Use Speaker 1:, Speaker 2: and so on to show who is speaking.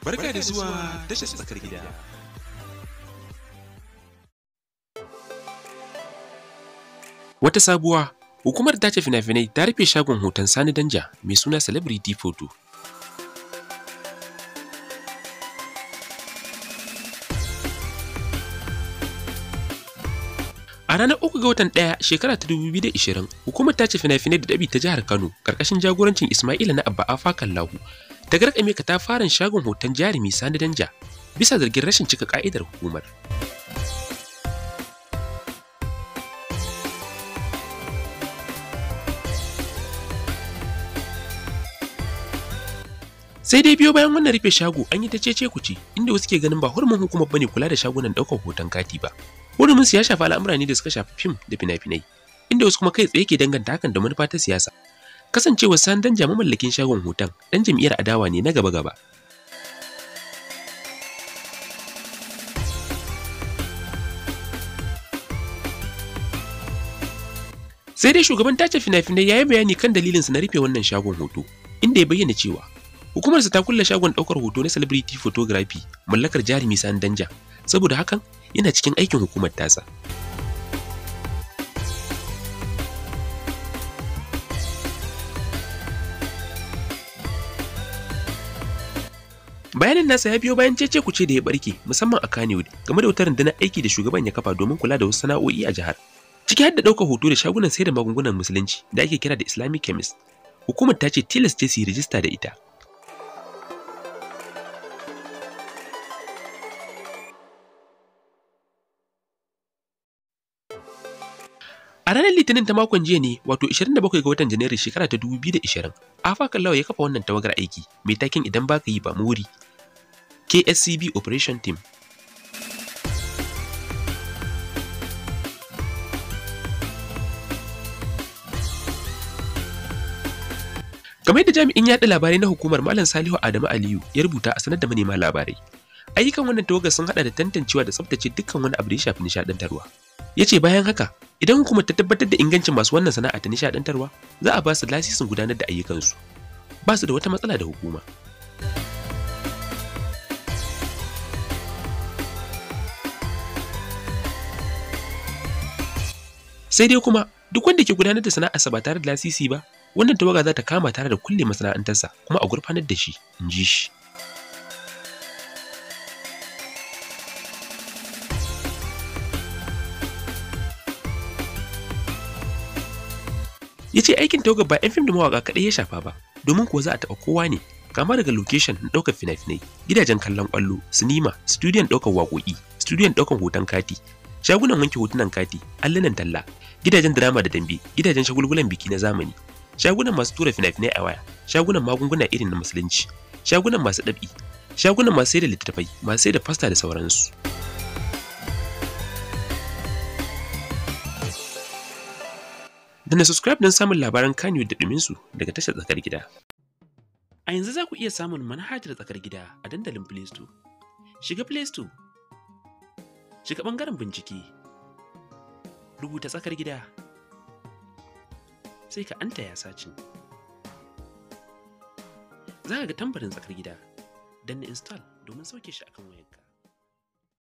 Speaker 1: Barka da zuwa tashar tsakar gida. Wata sabuwa, hukumar tace fina-finai ta rufe shagon hoton Sani Danja mai suna Celebrity Photo. A ranar uku ga watan ɗaya shekara ta 2020, hukumar tace fina-finai da ɗabi ta jihar Kano, ƙarƙashin jagorancin Ismaila na Abba Afa Kallahu, ta garkame ka ta fara shagon hoton jarumi Sani Danja bisa zargin rashin cika ka'idar hukumar. sai dai biyo bayan wannan rufe shago an yi ta cece kuce inda wasu ke ganin ba hurumin hukumar bane kula da shagunan daukar hoton kati ba hurumin su ya shafi al'amura ne da suka shafi fim da fina-finai inda wasu kuma kai tsaye ke danganta hakan da manufa ta siyasa kasancewa san danja mamallakin shagon hoton dan jam'iyyar adawa ne na gaba-gaba sai dai shugaban tace fina-finai ya yi bayani kan sa na rufe wannan shagon hoto inda ya bayyana cewa hukumarsa ta kulle shagon ɗaukar hoto na celebrity photography mallakar jarumi san danja saboda hakan yana cikin aikin hukumar tasa Bayanin nasa ya biyo bayan cece kuce da ya barke musamman a kanewood game da wutar rundunar aiki da shugaban ya kafa domin kula da wasu sana'o'i a jihar. Ciki har da ɗaukar hoto da shagunan sayar da magungunan musulunci da ake kira da Islamic Chemist. Hukumar ta ce tilas ce su yi rijista da ita A ranar Litinin ta makon jiya ne, wato 27 ga watan Janairu shekara ta 2020, Afa Kallawa ya kafa wannan tawagar aiki mai takin idan baka yi ba muri. KSCB Operation Team. Kamar yadda jami'in yaɗa labarai na hukumar Malam Salihu Adamu Aliyu ya rubuta a sanar da manema labarai, ayyukan wannan tawagar sun hada da tantancewa da tsaftace dukkan wani abu da ya shafi nishadantarwa ya ce bayan haka idan hukumar ta tabbatar da ingancin masu wannan sana'a ta nishadantarwa za a ba su lasisin gudanar da ayyukansu ba su da wata matsala da hukuma sai dai kuma duk wanda ke gudanar da sana'arsa ba tare da lasisi ba wannan tawaga za ta kama tare da kulle masana'antarsa kuma a gurfanar da shi in ji shi ya ce aikin tawagar ba 'yan fim da mawaƙa kaɗai ya shafa ba domin kuwa za a taɓa kowa ne kama daga location na ɗaukar fina-finai gidajen kallon ƙwallo sinima studiyon ɗaukar waƙoƙi studiyon ɗaukar hoton kati shagunan wanke hotunan kati allunan talla gidajen drama da dambe gidajen shagulgulan biki na zamani shagunan masu tura fina-finai a waya shagunan magunguna irin na musulunci shagunan masu ɗabi shagunan masu sai da littattafai masu sai da fasta da sauransu. da na subscribe don samun labaran kanyu da ɗuminsu daga tashar tsakar gida. A yanzu za ku iya samun manhajar tsakar gida a dandalin Play Store. Shiga Play Store, shiga ɓangaren bincike, rubuta tsakar gida, sai ka anta ya saci. Za ka ga tambarin tsakar gida, don na install domin sauke shi akan wayarka.